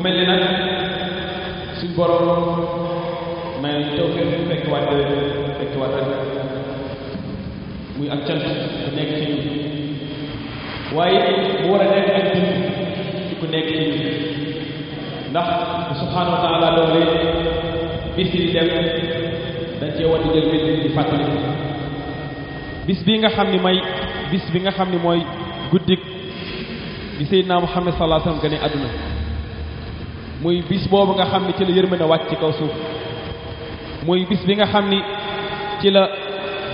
mu mel ni nag suñ borom may nañ taw fekk fekk waat fekk muy ak ci mu ak ci ku ci ndax subhanahu wa taala bis yi dem dañ cee war di jël di bis bi nga may bis bi nga xam ni guddik bi muhammad sallallahu alayhi wasallam gane aduna muy bis boobu nga xam ni ci la yërmande wàcc ci kaw suuf muy bis bi nga xam ni ci la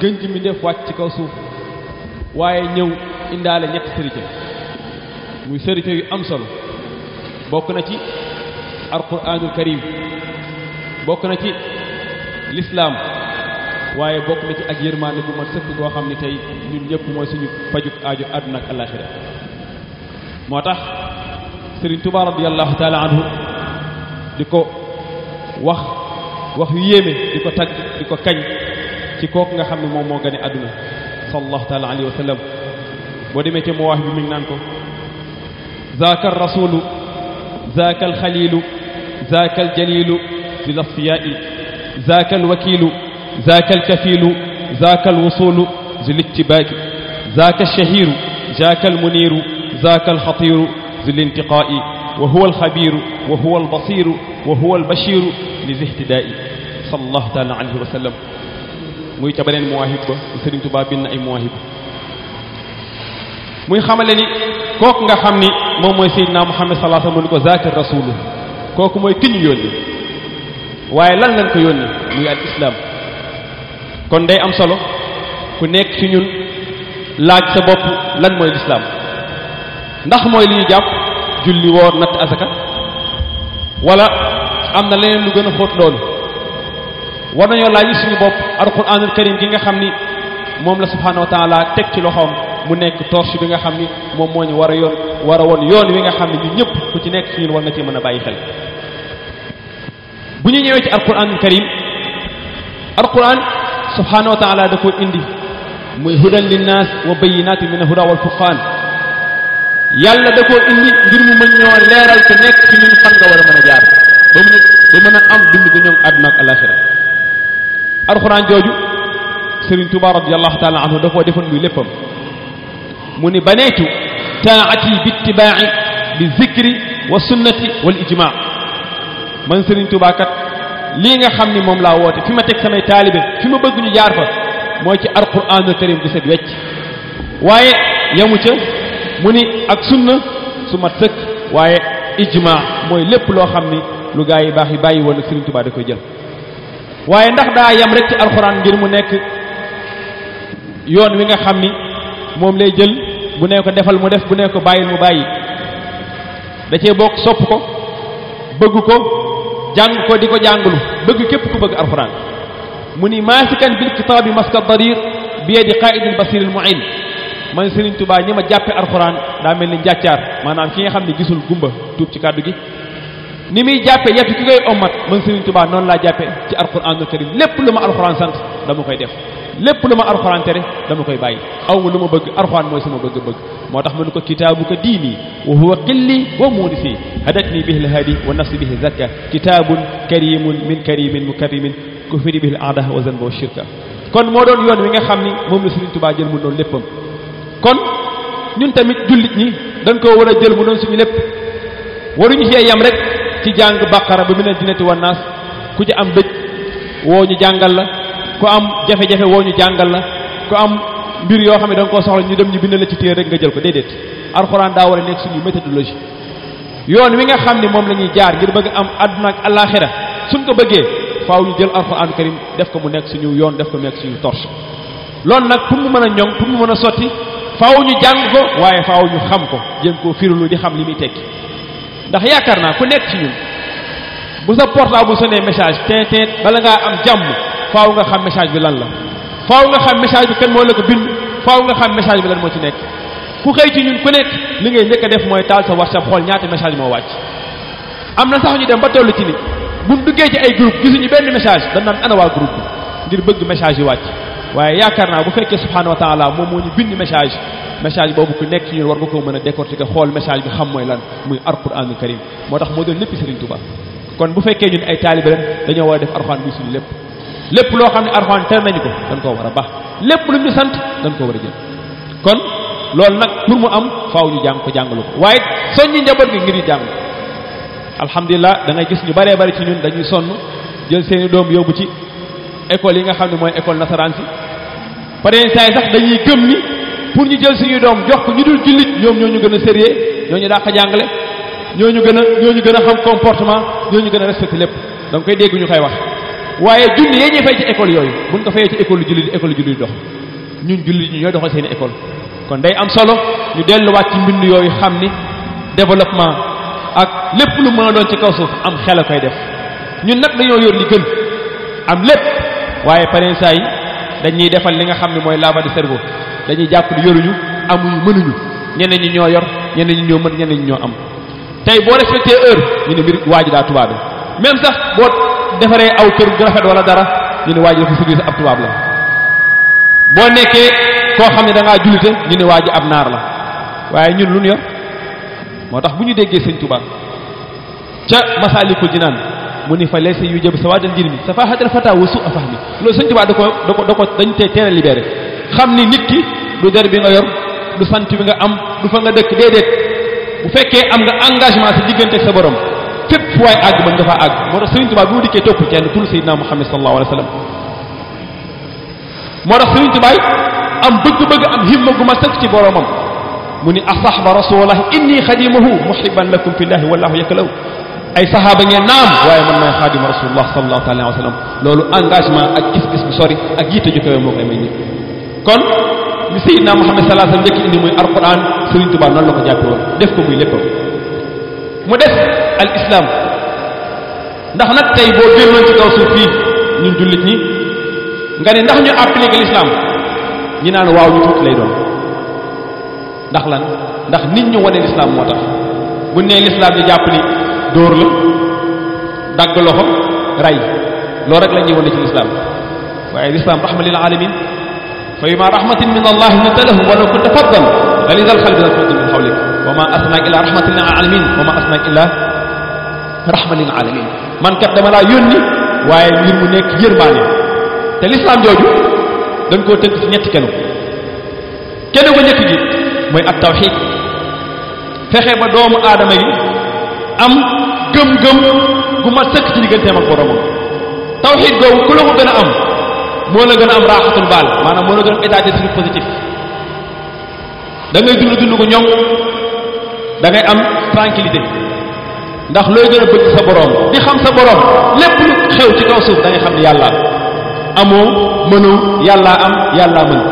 gënj mi def wàcc ci kaw suuf waaye ñëw indaale ñetti sërite muy sërite yu am solo bokk na ci alquraanul karim bokk na ci lislaam waaye bokk na ci ak yërmaande bu mat sëkk koo xam ni tey ñun ñëpp mooy suñu pajuk aaju àdduna ak alaxira moo tax Sëriñ Tuubaa radiyallahu taala anhu di ko wax wax yu yéeme di ko tagg di ko kañ ci kooku nga xam ne moom moo gane àdduna sallallahu taala alayhi wa sallam boo demee ci mowaax bi mi ngi naan ko zaaka rasulu zaaka alxalilu zaaka aljalilu lil asfiyaai zaaka alwakilu zaaka alkafilu zaaka alwusulu zil ittibaaki zaaka alshahiru zaaka almuniru zaaka alxatiru zil intiqaa'i وهو الخبير وهو البصير وهو البشير lizihtidaa'i sallallahu taala alayhi wa sallam muy ca beneen muwaahib ba Sëriñ Tuubaa bind ay muwaahib muy xamale ni kooku nga xamni mom moy mooy Muhammad sallallahu alaihi wasallam ko zakir rasul kok moy ki yoni waye lan lañ ko yoni muy al islam kon day am solo ku nek ci ñun laaj sa bop lan mooy lislaam ndax moy li ñu jàpp julli wor nat asaka wala amna leneen lu gëna a xóot loolu war nañu laaj suñu bop alquranul karim gi nga xamni mom la subhanahu wa taala tek ci loxom mu nekk torche bi nga xamni mom moñu wara yoon wara won yoon wi nga xamni ñu ñëpp ku ci nekk ci ñun war na ci mëna bàyyi xel bu ñu ñëwee ci alquranul karim alquran subhanahu wa taala da ko indi muy hudan linnas wa bayyinatin min al-huda wal furqan yàlla da ko indi ngir mu mën ñoo leral ci nek ci ñun fan nga wara mëna jaar ba mu a ba mën am dund gu ñom aduna ak alaxira alxuraan jooju sëriñ tuba radiallahu taala anhu da ko defal muy léppam mu ni banetu taati bi ittiba'i bi zikri wa sunnati wal ijma man serigne touba kat li nga xamni mom la wote fima tek samay talibe fima bëgg ñu jaar fa mooy ci al karim di set wecc waye yamu ci muni ak sunna su mat sëkk waaye ijma moy lépp lo xamni lu gaay yi yi bàyyi woon ak Serigne Touba da koy jël waye ndax da yam rek ci alcorane ngir mu nek yoon wi nga xamni mom lay jël bu neko defal mu def bu neko ko mu bàyyi da ci bok sop ko beug ko jàng ko diko ko jàngulu bëgg képp ku alcorane muni mu ni maasikan bil kitaabi bi yadi qa'id al basir al muin man Serigne Touba ñima jàppe alcorane da melni ni manam ki nga xamni gisul gumba tup ci kàddu gi ni muy jàppe yetu ki koy omat man Serigne Touba non la jàppe ci alxuraanul karim lépp luma alcorane alxuraan sant dama koy def lépp luma alcorane alxuraan tere dama koy bàyyi aw ma lu bëgg alcorane moy sama bëgg-bëgg motax man ko kitaabu ko diini wa huwa qilli wa muunisi hadatni bihi alhadi wa nasbi bihi zakka kitabun karimun min karimin mukarrimin kufiri bihi al'ada wa zanbu wa shirka kon moo doon yoon wi nga xamni ni la Serigne Touba jël mu doon léppam kon ñun tamit jullit ñi dañ ko wara jël mu doon suñu lépp waruñu cee yam rek ci jang bàqara bu mina dinati wa nas ku ci am becc woo ñu jàngal la ku am jafé jafé woo ñu jàngal la ku am mbir yo xamni dañ ko soxla ñu dem ñu bind la ci téere rek nga jël ko dedet da wara nek suñu méthodologie yoon wi nga xamni mom lañuy jaar ngir bëgg am aduna ak alakhirah suñ ko bëggee faaw ñu jël alxuraan karim def ko mu nek suñu yoon def ko mu suñu torche lool nak pour mu mëna ñong mu mëna soti faaw ñu jàng ko waaye faaw ñu xam ko jéem koo firilu di xam li muy tekki ndax yaakaar naa ku nekk ci ñun bu sa portable bu sonné message teen teen bala ngaa am jàmm faaw nga xam message bi lan la faaw nga xam message bi kan moo la ko bind faaw nga xam message bi lan moo ci nekk ku xëy ci ñun ku nekk li ngay njëkk def mooy taal sa whatsapp xool ñaata message moo wàcc am na sax ñu dem ba toll ci ni buñ duggee ci ay groupe gisuñu benn message dañ naan ana waa groupe ngir bëgg message yi wàcc waaye yaakaar naa bu fekkee subhanahu wa taala moom moo ñu bind message message boobu ku nekk ci ñun war nga ko mën a décortiquer xool message bi xam mooy lan muy alquranul karim moo tax moo doon lépp Serigne Touba kon bu fekkee ñun ay taalibe ren dañoo war a def lépp lépp loo xam ne alxuraan tere nañu ko dañ koo war a baax lépp lu ñu dañ koo war a jël kon loolu nag pour mu am faaw ñu jàng ko jàngalu ko waaye soññi njaboot gi ngir ñu jàng alhamdulilah da ngay gis ñu baree bari ci ñun dañuy sonn jël seeni doom yóbbu ci école yi nga xam ne mooy école nasaraan si parents yi sax dañuy gëm ni pour ñu jël suñuy doom jox ko ñu dul jullit ñoom ñoo ñu gën a sérieux ñoo ñu dàq jàngale ñoo ñu gën a ñoo ñu gën a xam comportement ñoo ñu gën a respecté lépp da nga koy dégg ñu koy wax waaye junni yee ñuy fay ci école yooyu buñ ko fayee ci école jullit école jullit dox ñun jullit ñi ñooy doxal seen école kon day am solo ñu delluwaat ci mbind yooyu xam ni développement ak lépp lu mën a doon ci kaw suuf am xel a koy def ñun nag dañoo yor li gën am lépp waaye parents yi dañuy defal li nga xam ne mooy lavage de cerveau dañuy jàpp ni yoruñu amuñu mënuñu ñeneen ñi ñoo yor ñeneen ñi ñoo mën ñeneen ñi ñoo am tey boo respecté heure ñu ne mbir waaju ji daa tubaab bi sax boo defaree aw kër gu rafet wala dara ñu ne waa ji dafa sugli ab tubaab la boo nekkee koo xam ne da ngaa jullite ñu ne waaju ab naar la waaye ñun lu ñu yor moo tax bu ñu déggee sëñ Tuubaa ca Masaalikul Jinaan muni fa laysa yujabu sawadan dirmi safahat al fata wa su'a fahmi loolu sëñ Tuubaa dako dako da ko da ko dañ tey libéré xam nit ki du der bi nga yor du sant bi nga am du fa nga dëkk dedet bu fekke am nga engagement ci diggante sa borom fépp way ag àgg mën nga faa àgg moo tax sëriñ Tuubaa bi mu dikkee topp kenn tul Seydina Muhammad sallallahu alayhi wasallam mo do tax touba am bëgg-bëgg am himma guma sax ci boromam muni asahba rasulallah inni khadimuhu muhibban lakum fillahi wallahu yakalahu ay saxaaba ngeen naam waaye man maay xaadimu rasulullah sallallahu alayhi wa sallam loolu engagement ak gis-gis bu sori ak yitte ju kawe moo koy may nit kon li Seydina Muhammad sallallahu alayhi wa sallam njëkk indi muy alquran Serigne Touba noonu la ko jàppe woon def ko muy léppam mu des al islam ndax nag tey boo délloon ci kaw suuf fii ñun jullit ñi nga ne ndax ñu appliqué l'islam ñi naan waaw ñu tuuti lay doon ndax lan ndax nit ñu wane l'islam moo tax bu nee l'islam di jàpp ni dóor la dagg loxo rey loolu rek la ñuy wane ci lislaam waaye lislaam rahma lil alamin fa bima rahmatin min allah linta lahum walaw kunta faddan galiza alqalbi lanfaddu min hawlik wa ma asnaak illa rahmatan lil alamin wa ma asnaak illa waaye ngir mu nekk yërmaane te lislaam jooju dañ koo tënk ci ñetti kenu kenn ko njëkk gi mooy at fexe ba doomu aadama yi am gëm-gëm gu ma sëkk ci digganteem ak boromam tawxiid googu ku la ko gën a am moo la gën a am raaxatul baal maanaam moo la gën a am état d'esprit positif da ngay dund dund ko ñoŋ da ngay am tranquillité ndax looy gën a bëgg sa borom di xam sa borom lépp xew ci kaw suuf da xam ne yàlla amoo mënoo yàllaa am yàllaa mën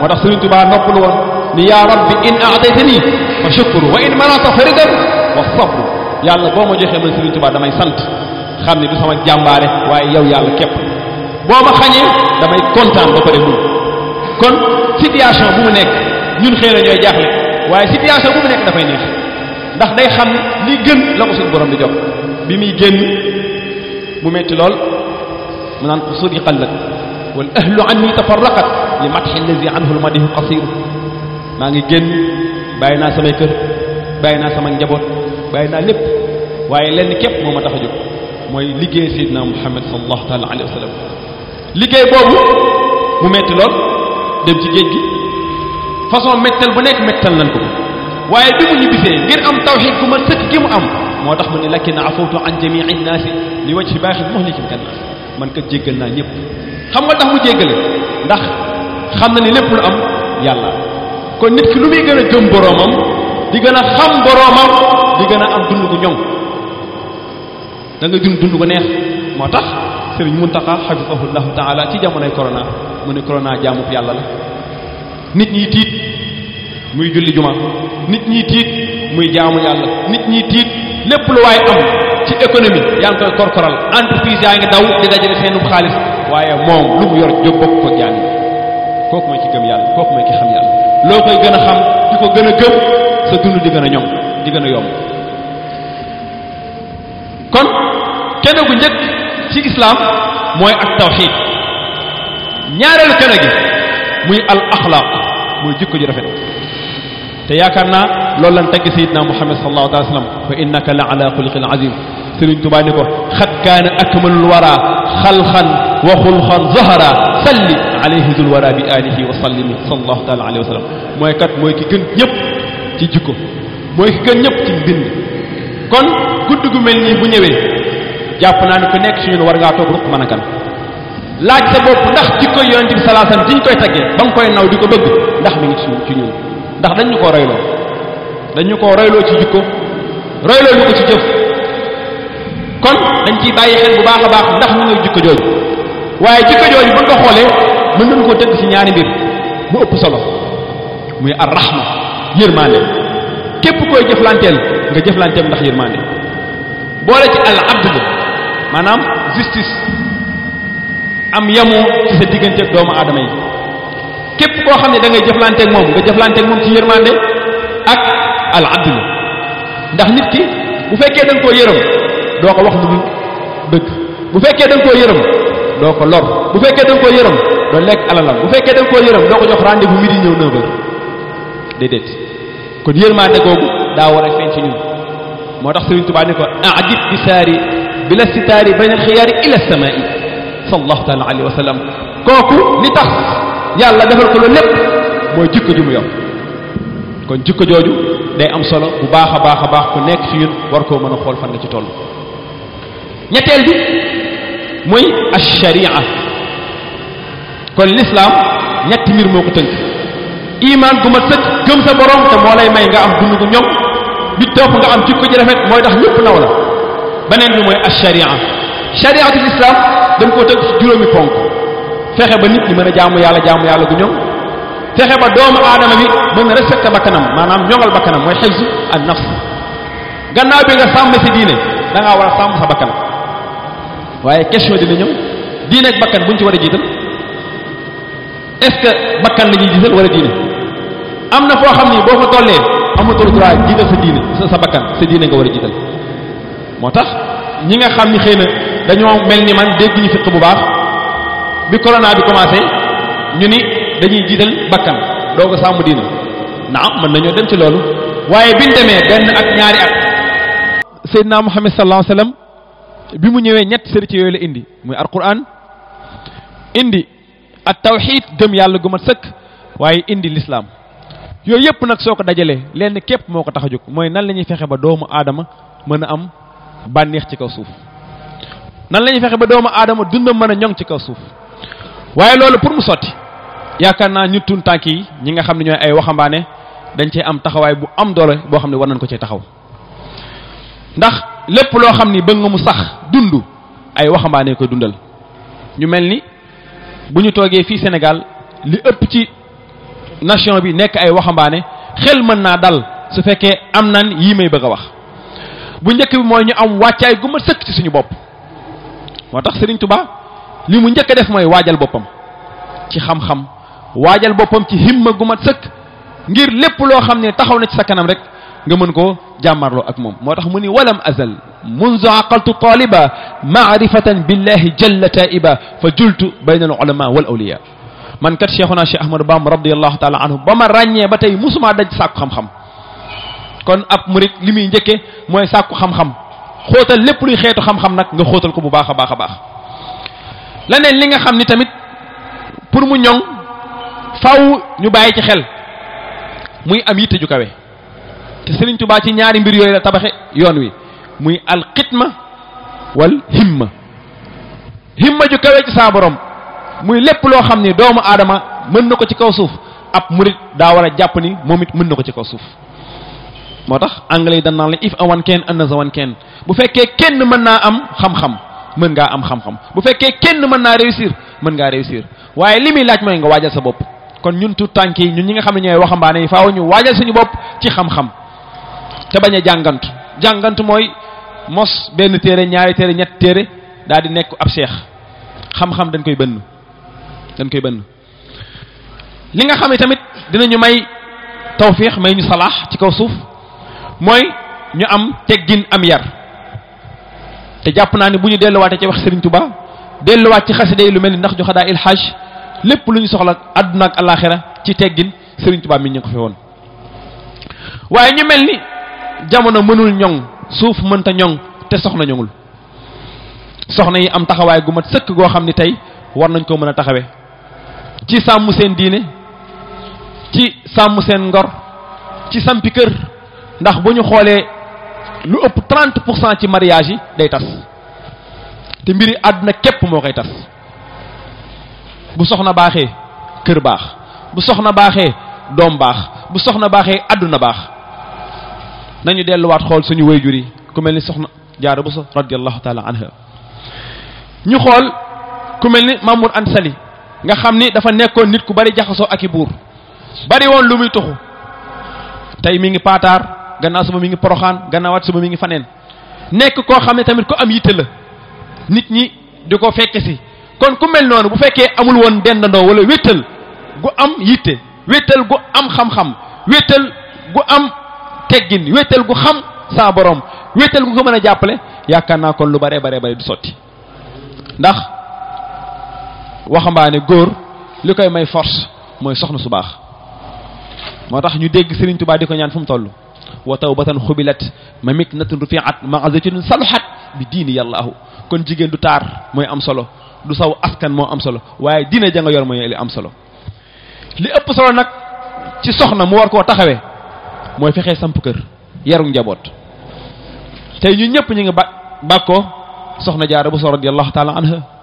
moo tax Sëriñ Tuubaa noppalu ni yaa rabbi in aataytani fa shukru wa in manata faridan wa sabru yàlla boo ma joxee man Serigne Touba damay sante xamni ne du sama jambaré waye yow yàlla kep boo ma xañee damay kontaan ba pare mun kon situation bu mu nek ñun xéena ñoy jaxlé waye situation bu mu nek da fay neex ndax day xam li gën la ko suñu borom di jox bi mi gën mu metti lol mu nan ko qallat wal ahlu anni tafarraqat li matxi allazi anhu al almadihu qasir ma ngi gën bayina samay kër bayina sama njabot bayna lépp waye len kep moma taxaju moy a sidna Muhammad sallallahu taala alayhi wa sallam liggéey mu metti lol dem ci geejgi façon mettal bu nek mettal nañ ko waye bi ñu bisee ngir am tawhid gu ma sëkk gi mu am motax mu ni lakina afutu an jami'in nas li wajhi ci muhlikin kan naas man kat jéggal na ñëpp xam nga tax mu jéggale ndax xam na ni lépp lu am yàlla kon nit ki lu muy gëna jëm boromam di gëna xam boromam di gën a am dund gu ñoŋ da nga dund dund gu neex moo tax sëriñ Muntaxa xafisahullahu taala ci jamonoy corona mu ne corona jaamub yàlla la nit ñi tiit muy julli juma nit ñi tiit muy jaamu yàlla nit ñi tiit lépp lu waaye am ci économie yaa ngi koy korkoral entreprise yaa ngi daw di dajale seen xaalis waaye moom lu mu yor jóg bokk ko jaam yi kooku mooy ki gëm yàlla kooku mooy ki xam yàlla loo koy gën a xam di ko gën a gëm sa dund di gën a ñoŋ di gën a yomb kon kenn gu njëkk ci islaam mooy ak tawxid ñaareelu kenn gi muy al axlaaq muy jikko ju rafet te yaakaar naa loolu lan tagg sayidna muhammad sallallahu alayhi wa sallam fa innaka la ala xulqin azim sëriñ tubaa ni ko xat kaana akmalul wara xalxan wa xulxan zahara salli alayhi dul wara bi alihi wa sallimi sallallahu taala alayhi wa sallam mooy kat mooy ki gën ñëpp ci jikko moy ki gën ñëpp ci bind kon gudd gu mel nii bu ñëwee jàpp naa ne ku nekk si ñun war ngaa toog ruq mën a laaj sa bopp ndax ci koy yonent bi salaa diñ koy taggee ba nga koy naw di ko bëgg ndax mi ngi ci ci ñun ndax dañ ñu koo royloo dañ ñu koo royloo ci jikko royloo ñu ko ci jëf kon dañ ciy bàyyi xel bu baax a baax ndax mu ngi jikko jooju waaye jikko jooju bu nga xoolee mën nañu ko tënk si ñaari mbir mu ëpp solo muy ar rahma yërmande kep koy jeflantel nga jeflantem ndax yërmande boole ci al abdu manam justice am yamo ci sa diggante doomu adamay kep ko xamne da ngay jeflantek mom nga jeflantek mom ci yermane ak al abdu ndax nit ki bu fekke doa ko koo do ko wax lu deug bu fekke doa lek koo do ko lor bu fekke dang ko koo do lek alalam bu fekke dang ko do ko jox rendez-vous midi ñew 9 h dedet kon yërmaande googu daa war a feeñ ci ñun moo tax Sëriñ Tuubaa ni ko ajib bi saari bi la sitaari bayna alxiyaari ila samaai sallallahu taala alayhi wa sallam kooku li tax yàlla defal ko loolu lépp mooy jikko ji mu yor kon jikko jooju day am solo bu baax a baax a baax ku nekk ci ñun war koo mën a xool fan la ci toll ñetteel bi mooy ash-sharia kon l'islam ñetti mbir moo ko tënk iman gu ma sëkk gëm sa borom te moo lay may nga am dund gu ñoom nit topp nga am jikko ji rafet mooy tax ñëpp naw la beneen bi mooy acharia chariatul islam dañ koo tëgg ci juróomi ponk fexe ba nit ñi mën a jaamu yàlla jaamu yàlla gu ñoom fexe ba doomu aadama bi mën a respecté bakkanam maanaam ñoŋal bakkanam mooy xëjsu ak nafs gannaaw bi nga sàmm si diine da ngaa war a sàmm sa bakkan waaye question dina ñëw diine ak bakkan bu ñu ci war a jiital est-ce bakkan la ñuy jiital wala diine amna fo xamni xam ni boo fa tollee amatul droit jiital sa diine sa sabakan sa diine nga wara a motax ñi nga xamni xeyna dañoo melni man dégg ñu fiq bu baax bi corona bi commencé ñu ni dañuy jiital bakkan doo ko sàmm diine naam man nañu dem ci lolu waye biñ demee ben ak ñaari ak sayyidna muhammad sallallahu alayhi wasallam bi mu ñëwee ñett sëri ci yoyu indi muy alquran indi at tawhid gëm yalla gu mat sëkk indi l'islam yooyu yëpp nag soo ko dajalee lenn képp moo ko tax mooy nan lañuy fexe ba doomu aadama mën a am bànneex ci kaw suuf nan lañuy fexe ba doomu aadama dundam mën a ñoŋ ci kaw suuf waaye loolu pour mu sotti yaakaar naa ñu tun tànk yi ñi nga xam ne ñooy ay waxambaane dañ cee am taxawaay bu am doole boo xam ne war nañ ko cee taxaw ndax lépp loo xam ni bëgg nga mu sax dund ay waxambaane ko dundal ñu mel ni bu ñu toogee fii Sénégal li ëpp ci nation bi nekk ay waxambaane xel mën naa dal su fekkee am nan yii may bëgg a wax bu njëkk bi mooy ñu am wàccaay gu ma sëkk ci suñu bopp moo tax Serigne Touba li mu njëkk def mooy waajal boppam ci xam-xam waajal boppam ci himma gu ma sëkk ngir lépp loo xam ne taxaw na ci sa kanam rek nga mën koo jàmmarloo ak moom moo tax mu ni walam azal munzu aqaltu taliba maarifatan billahi jalla taiba fa jultu bayna al ulama wal awliya man kat cheikhuna cheikh ahmadou bamba radiallahu taala anhu ba ma ràññee ba tey musumaa daj sàkku xam-xam kon ab murit li muy njëkke mooy sàkku xam-xam xóotal lépp luy xeetu xam-xam nag nga xootal ko bu baax a baax a baax leneen li nga xam ni tamit pour mu ñoŋ faw ñu bàyyi ci xel muy am yitte ju kawe te Sëriñ baax ci ñaari mbir yooyu la tabaxe yoon wi muy alxitma wal himma himma ju kawe ci saa borom muy lépp loo xam ni doomu aadama mën na ko ci kaw suuf ab murit daa war a jàpp ni moom it mën na ko ci kaw suuf moo tax anglais yi dañ naan la if awan kenn another one kenn bu fekkee kenn mën naa am xam-xam mën ngaa am xam-xam bu fekkee kenn mën naa réussir mën ngaa réussir waaye li muy laaj mooy nga waajal sa bopp kon ñun tout tànk yi ñun ñi nga xam ne ñooy waxambaane yi faaw ñu waajal suñu bopp ci xam-xam te bañ a jàngantu jàngant mooy mos benn téere ñaari téere ñetti téere daal di nekk ab seex xam dañ koy bënn dañ li nga xam ne tamit dinañu may tawfiix may ñu salaax ci kaw suuf mooy ñu am teggin am yar te jàpp naa ne bu ñu delluwaatee ci wax Serigne Touba delluwaat ci xasida yi lu mel ni ndax joxa daa lépp lu ñu soxla àdduna ak àllaaxira ci teggin Serigne Touba mi ñu ko fi woon waaye ñu mel ni jamono mënul ñoŋ suuf mënta ñoŋ te soxna ñoŋul soxna yi am taxawaay gu mat sëkk goo xam ni tey war nañ ko mën a taxawee ci sàmm seen diine ci sàmm seen ngor ci sampi kër ndax bu ñu xoolee lu ëpp trent pour cent ci mariage yi day tas te mbiri àdduna képp moo koy tas bu soxna baaxee kër baax bu soxna baaxee doom baax bu soxna baaxee àdduna baax nañu delluwaat xool suñu wayjur yi ku mel ni soxna Jaara Buso radiyallahu taala anha ñu xool ku mel ni Mamour Ansali nga xam ni dafa nekkoon nit ku bari jaxasoo ak i buur bari woon lu muy tuxu tey mi ngi paatar gannaaw suba mi ngi poroxaan gannaawaat suba mi ngi faneen nekk koo xam ne tamit ku am yitte la nit ñi di ko fekke si kon ku mel noonu bu fekkee amul woon dendandoo wala wéttal gu am yitte wéttal gu am xam-xam wéttal gu am teggin wéttal gu xam saa borom wéttal gu ko mën a jàppale yaakaar naa kon lu bare bare bare du sotti ndax waxambaane góor likoy may force moy soxna su bax motax ñu dégg Serigne Touba diko ñaan fu mu toll wa tawbatan khubilat mamik natun rufiat maazatun salhat bi diini yallah kon jigen du tar moy am solo du saw askan mo am solo waye dina ja yor moy li am solo li ëpp solo nak ci soxna mu war ko taxawé moy fexé samp kër yaru njaboot tay ñu ñëpp ñi nga bako soxna jaara bu sallallahu taala anha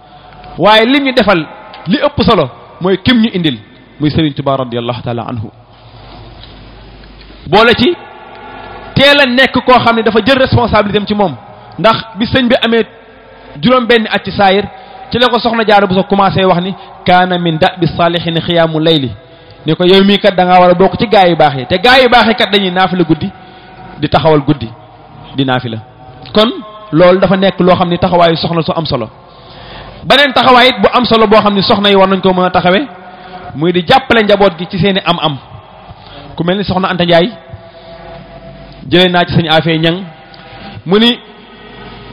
waaye lim ñu defal li ëpp solo mooy kim ñu indil muy Sëriñ Tuubaa radiyallahu taala anhu boole ci teel a nekk koo xam ne dafa jël responsabilité ci moom ndax bi sëñ bi amee juróom benn at ci saayir ci la ko soxna jaar bu sa commencé wax ni kaana min da bi saalihin xiyaamu layli ni ko yow mii kat da ngaa war a bokk ci gaa yu baax yi te gaa yu baax yi dañuy naafila guddi di taxawal guddi di naafila kon loolu dafa nekk loo xam ne taxawaayu soxna su am solo benen taxawaayit bu am solo bo xamni soxna yi war nañ ko mëna taxawé muy di jappalé njabot gi ci seeni am-am ku melni soxna Anta Ndiaye jëlé na ci sañ afé ñang mu ni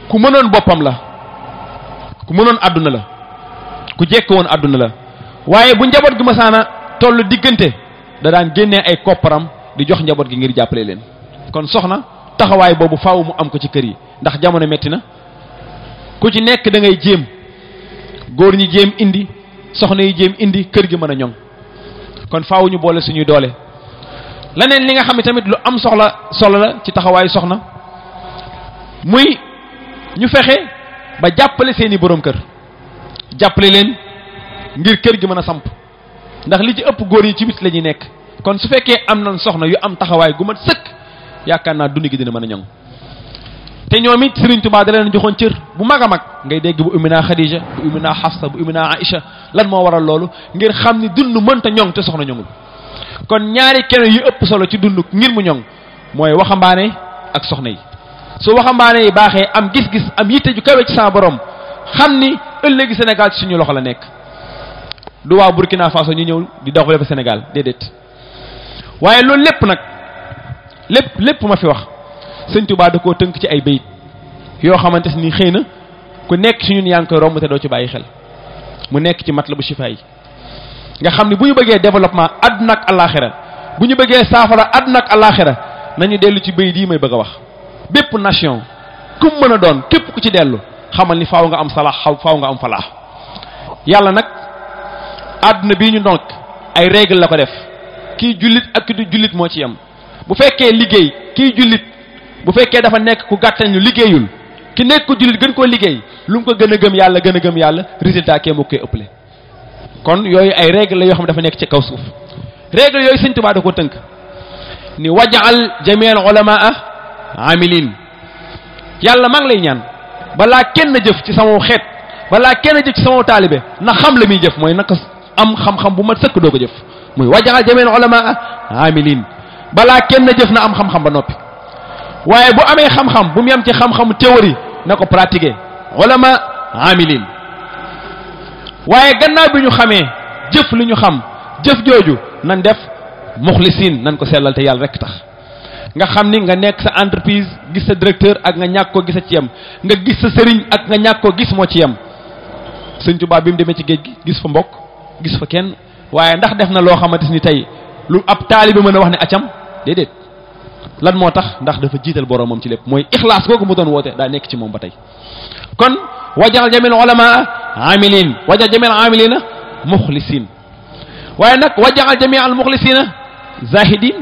ku mënon bopam la ku mënon aduna la ku jekk won aduna la waaye bu njabot gi masaana tollu digënté da daan génnee ay kopparam di jox njabot gi ngir jappalé leen kon soxna taxaway bobu faaw mu am ko ci kër yi ndax jamono metti na ku ci nekk da ngay jëm goor ñi jéem indi soxna yi jéem indi kër gi mën a kon faaw ñu boole suñuy doole leneen li nga xam tamit lu am soxla solo la ci taxawaayu soxna muy ñu fexe ba jàppale seen i borom kër jàppale leen ngir kër gi mën a samp ndax li ci ëpp góor yi ci bis la nekk kon su fekkee am nan soxna yu am taxawaay gu mat sëkk yaakaar naa dund gi dina mën a te ñoom Serigne Touba da leen joxon cër bu maga mag ngay dégg bu umina Khadija bu umina Hafsa bu umina aisha lan mo waral loolu ngir xamni dundu dund mënta ñoŋ te soxna ñongul kon ñaari kene yu ëpp solo ci dundu ngir mu ñong moy waxambaane ak soxna yi su waxambaane yi baxé am gis-gis am yitte ju kawe ci sa borom xamni ëllëgi Sénégal ci suñu loxo la nekk du wa Burkina Faso ñu ñëw di doxale ba Sénégal dédét waye loolu lépp nak lépp lépp ma fi wax. sëñ Tuubaa da koo tënk ci ay bayit yoo xamante ni xëy na ku nekk ci ñu yaa ngi koy romb te doo ci bàyyi xel mu nekk ci mat matlabu shifa yi nga xam ne bu ñu bëggee développement àdduna ak àllaaxira bu ñu bëggee saafara àdduna ak àllaaxira nañu dellu ci bayit yi may bëgg a wax bépp nation kum mën a doon képp ku ci dellu xamal ni faaw nga am salaax xaw faaw nga am falaax yàlla nag àdduna bi ñu donc ay règle la ko def kii jullit ak ki jullit moo ci yem bu fekkee bu fekkee dafa nekk ku gàttañ lu liggéeyul ki nekk ko jullit gën koo liggéey lu mu ko gën a gëm yàlla gën a gëm yàlla résultat kee moo ëpp le kon yooyu ay règle la yoo xam dafa nekk ci kaw suuf règle yooyu sëñ Tuubaa da ko tënk ni wajaal jamial ulamaa amilin yàlla maa ngi lay ñaan balaa kenn jëf ci sama xeet balaa kenn jëf ci sama taalibe na xam la muy jëf mooy naka am xam-xam bu ma sëkk doo ko jëf muy wajaal jamial ulamaa amilin balaa kenn jëf na am xam-xam ba noppi waaye bu amee xam-xam bu mu yem ci xam-xamu théorie na ko pratiquer ulama amilin waaye gannaaw bi ñu xamee jëf li ñu xam jëf jooju nan def muxlisin nan ko sellal te yàlla rek tax nga xam ni nga nekk sa entreprise gis sa directeur ak nga ñàkk koo gis a ci yem nga gis sa sëriñ ak nga ñàkk koo gis moo ci yem sëñ Tuubaa bi mu demee ci géej gi gis fa mbokk gis fa kenn waaye ndax def na loo xamante ni tey lu ab taalibe mën a wax ne acam déedéet lan motax ndax dafa jiital boromam ci lépp moy ikhlas googu mu don wote da nek ci mom batay kon wajal jamil ulama amilin wajal jamil amilina mukhlisin waye nak wajal jami al muxlisina zahidin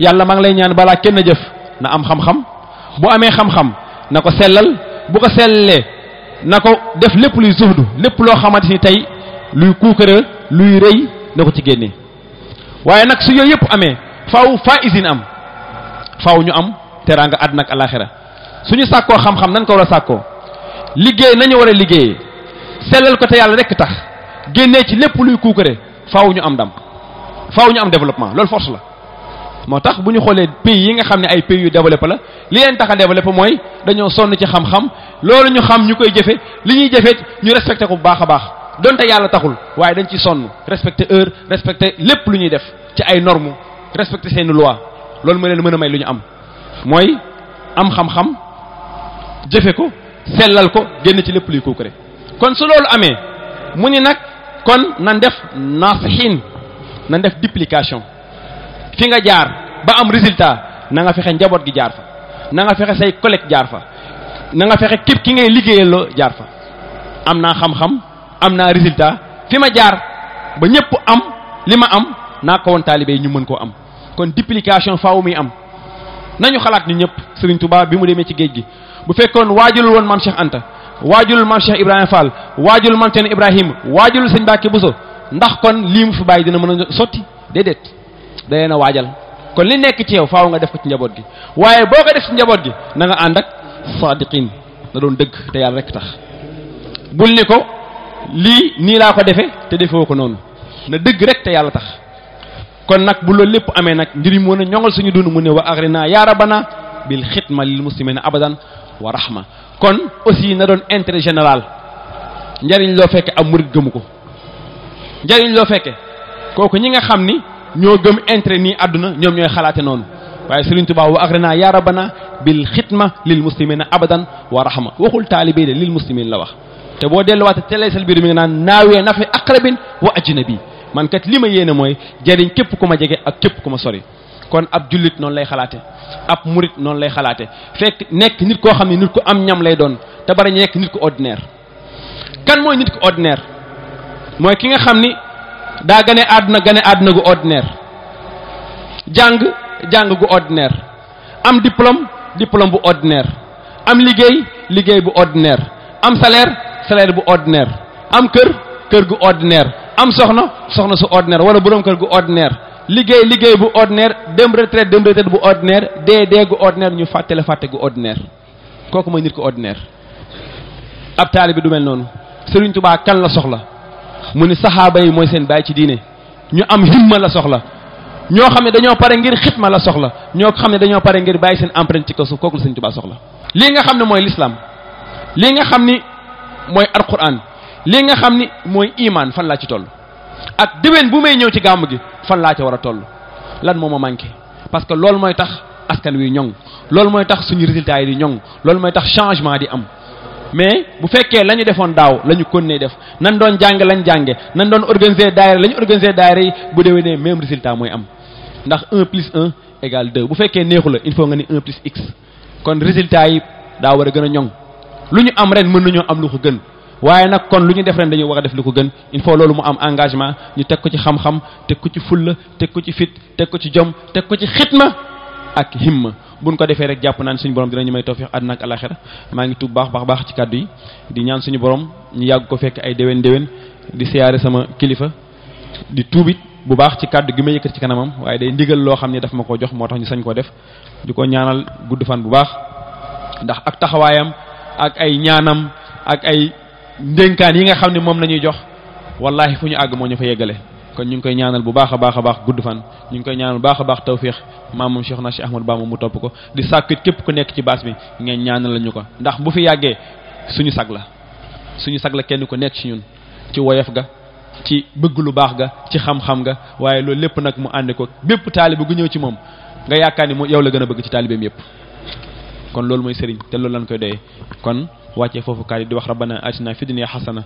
yàlla mang lay ñaan bala kenn jëf na am xam-xam bu amé xam-xam nako selal bu ko selé nako def lépp luy zuhdu lépp lo xamanteni tay luy kuukëra luy reuy nako ci génne waye nak su yoyep amé faw faizin am faw ñu am teraanga àddina ak su ñu sàkkoo xam-xam nan ko war a sàkkoo liggéey nañu war a liggéeyee sellal ko te yàlla rekk tax génnee ci lépp luy kuukare faw ñu am dam faw ñu am développement loolu force la moo tax bu ñu xoolee pays yi nga xam ne ay pays yu développé la li leen tax a mooy dañoo sonn ci xam-xam loolu ñu xam ñu koy jëfe li ñuy jëfeet ñu respecté ko bu baax a baax donte yàlla taxul waaye dañ ci sonn respecté heure respecté lépp lu ñuy def ci ay normes respecté seeni loi loolu ma leen mën a may lu ñu am mooy am xam-xam jëfe ko sellal ko génn ci lépp luy kuukare kon su loolu amee mu ni nag kon nan def nasihin na def duplication fi nga jaar ba am résultat na nga fexe njaboot gi jaar fa na nga fexe say collègue jaar fa na nga fexe képp ki ngay liggéeyaloo jaar fa am naa xam-xam am naa résultat fi ma jaar ba ñëpp am li ma am naa ko woon taalibe ñu mën koo am kon duplication faaw muy am nañu xalaat ni ñëpp Serigne tubaab bi mu demee ci géej gi bu fekkoon waajulul woon maam Cheikh Anta waajulul maam Cheikh Ibrahima Fall waajulul maam Cheikh Ibrahima waajulul sëñ Mbacke Bousso ndax kon lii mu fi bàyyi dina mën a sotti déedéet day na waajal kon li nekk ci yow faaw nga def ko ci njaboot gi waaye boo ko def ci njaboot gi na nga ànd ak sadiqin na doon dëgg te yàlla rek tax bul ni ko lii nii laa ko defee te defoo ko noonu na dëgg rek te yàlla tax. kon nag bu loolu lépp amee nag mbir mi mën a ñoŋal suñu dund mu ne wa agrinaa yaa rabbana bil xitma lil muslimina abadan wa rahma kon aussi na doon intérêt général njariñ loo fekke am murid gëmu ko njariñ loo fekke kooku ñi nga xam ni ñoo gëm intérêt nii àdduna ñoom ñooy xalaate noonu waaye Sëriñ Tuubaa wa agrinaa yaa rabbana bil xitma lil muslimina abadan wa rahma waxul taalibe de lil muslimin la wax te boo delluwaate teleesal biir mi nga naan naawee na fi aqrabin wa ajnabi man kat lima yene moy mooy jariñ képp ku ak kep kuma sori kon ab non non lay xalaté ab murit non lay xalaté fekk nek nit ko xamni nit ko am ñam lay doon ta bari nit ko ordinaire kan moy nit ko ordinaire moy ki nga xamni da gané aduna gané aduna gu ordinaire jang jang gu ordinaire am diplôme diplôme bu ordinaire am liggéey liggéey bu ordinaire am salaire salaire bu ordinaire am kër kër gu ordinaire am soxna soxna su ordinaire wala borom kër gu ordinaire liggéey liggéey bu ordinaire dem retraite dem retraite bu ordinaire dee dee gu ordinaire ñu fàttele fàtte gu ordinaire kooku mooy nit ko ordinaire ab taalibe du mel noonu Sëriñ Tubaa kan la soxla mu ni saxaaba yi mooy seen baay ci diine ñu am himma la soxla ñoo xam ne dañoo pare ngir xitma la soxla ñoo xam ne dañoo pare ngir bàyyi seen empreinte ci kaw suuf kooku la Sëriñ Tubaa soxla lii nga xam ne mooy lislaam lii nga xam ni mooy alquran lii nga xam ni mooy imaan fan laa ci toll ak déwén bu may ñëw ci gàmm gi fan laa ca war a toll lan moo ma manqué parce que loolu mooy tax askan wi ñoŋ loolu mooy tax suñu résultat yi di ñoŋ loolu mooy tax changement di am mais bu fekkee la ñu defoon daaw la ñu continuer def nan doon jàng lañ jànge nan doon organiser daayira la ñu organiser daayira yi bu déwénee même résultat mooy am ndax un plus un égale bu fekkee neexu la il faut nga ni un plus x kon résultat yi daa war a gën a ñoŋ lu ñu am ren mën nañoo am lu ko gën waye nak kon luñu def ren dañu wara def gën il faut lolu mu am engagement ñu tek ko ci xam-xam tek ko ci ful tek ko ci fit tek ko ci jom tek ko ci xitma ak himma buñ ko defé rek japp naan suñu borom dinañu may tawfiq àdduna ak alaxira ngi tu baax baax baax ci kaddu yi di ñaan suñu borom ñu yag ko fekk ay dewen dewen, di siyaré sama kilifa di tuubit bu baax ci kaddu gi ma yëkkat ci kanamam waye day ndigal lo xamni daf ma jox motax ñu sañ ko def diko ñaanal gudd fan bu baax ndax ak taxawayam ak ay ñaanam ak ay ndénkaan yi nga xam ne moom la ñuy jox wallahi fu ñu àgg moo ñu fa yeggale kon ñu ngi koy ñaanal bu baax a baax a baax gudd fan ñu ngi koy ñaanal bu baax a baax tawfiix maamam Cheikh na Cheikh Ahmadou Bamba mu topp ko di sàkkit képp ku nekk ci baas bi ngeen ñaanal lañu ko ndax bu fi yàggee suñu sag la suñu sag la kenn ku nekk ci ñun ci woyof ga ci bëgg lu baax ga ci xam-xam ga waaye loolu lépp nag mu ànd ko bépp taalibe gu ñëw ci moom nga yaakaar ni mu yow la gën a bëgg ci taalibeem yépp kon loolu moy serigne te loolu lañ koy doye kon wacce fofu kadi di wax rabbana atina fi dunya hasana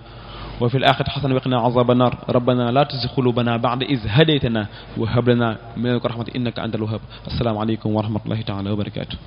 wa fil akhirati hasana wa qina azaban nar rabbana la tuzigh qulubana ba'da iz hadaytana wa hab lana min ladunka rahmatan innaka antal wahhab assalamu alaykum wa rahmatullahi ta'ala wa barakatuh